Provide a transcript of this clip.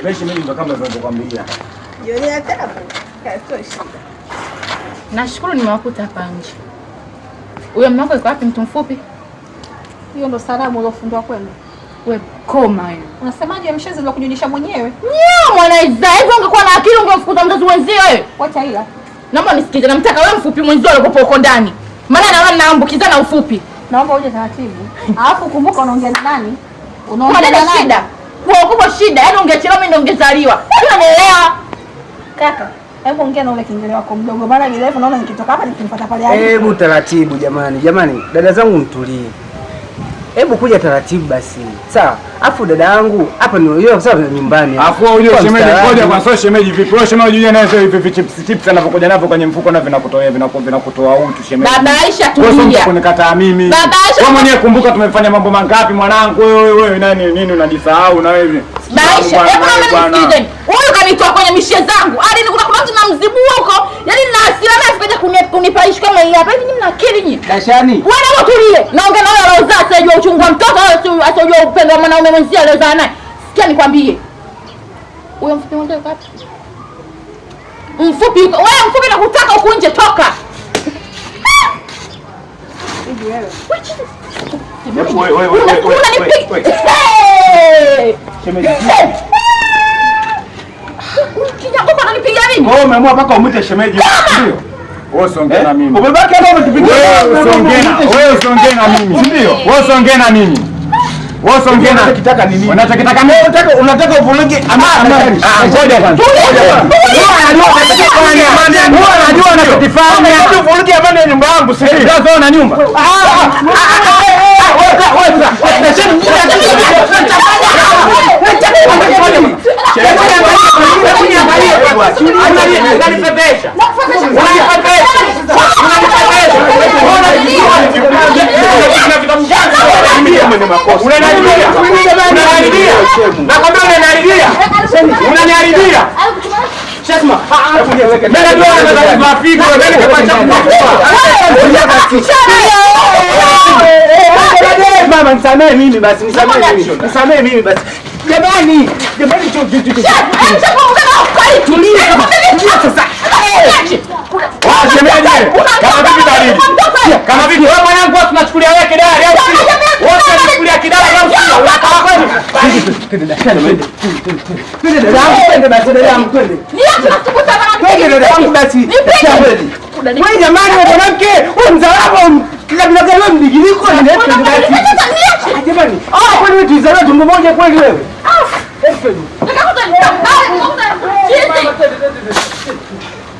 Fresh mimi ndo kama ninavyokuambia. Jioni tabu. Kato shida. Nashukuru nimewakuta hapa nje. Huyo mnako yuko wapi mtu mfupi? Hiyo ndo salamu ulofundwa kwenu. We koma wewe. Unasemaje mshenzi ndio kujulisha mwenyewe? Nyo mwanaiza, hivyo ungekuwa na akili ungemfukuza mzazi wenzio wewe. Wacha ila. Naomba nisikize, namtaka wewe mfupi mwenzio alipokuwa uko ndani. Maana naambukiza na ufupi. Naomba uje taratibu. Alafu kumbuka unaongea na nani? Unaongea na nani? shida, yaani ungechelewa mimi ndo ungezaliwa. Unaelewa? Kaka, hebu ongea na ule kingine wako mdogo, maana naona nikitoka hapa nikimpata pale. Hebu taratibu jamani, jamani, dada zangu mtulie hebu kuja taratibu basi, sawa. Afu dada yangu hapa ni yeye, sawa, nyumbani. Afu uje shemeji koja kwa sio shemeji vipi? Wewe shemeji yeye naye hizo hivi chips chips anapokuja navyo kwenye mfuko na vinakutolea vinakuwa vinakutoa utu shemeji. Baba Aisha tulia. Wewe sio kunikataa mimi. Baba Aisha. Wewe mwenyewe kumbuka tumefanya mambo mangapi mwanangu wewe wewe wewe nani nini unajisahau na wewe. Baba Aisha, hebu kama nisikilize. Huyu kanitoa kwenye mishe zangu. Hadi ni kuna mtu namzibu huko. Yaani na hasira na sikaja kunipaishi kama hii hapa. Hivi ni na nyinyi. Dashani. Wewe na tulie. Naongea na wewe roho anayejua uchungu wa mtoto asiojua upendo wa mwanaume mwenzie aliozaa naye. Sikia nikwambie, huyo mfupi mfupi wewe, mfupi nakutaka huku nje, toka umeamua mpaka umwite shemeji ndio? Usongee eh? na mimi. na wewe unataka nini? Unataka ah, mimi ah, unataka nyumba yangu sasa. nyumba. Ah, unanipepesha, unaniharibia Mama, nisamee mimi basi, nisamee mimi basi, jamani, jamani tulia kama vipi wewe mwanangu wewe tunachukulia wewe kidari au si? Wewe tunachukulia kidari au si? Wewe jamani wewe mwanamke, wewe mzalamu. Kila binadamu wewe mdigiriko ni ndio twende basi. kwani wewe tuizaliwa tumbo moja kweli wewe? Ah. 对对对对对。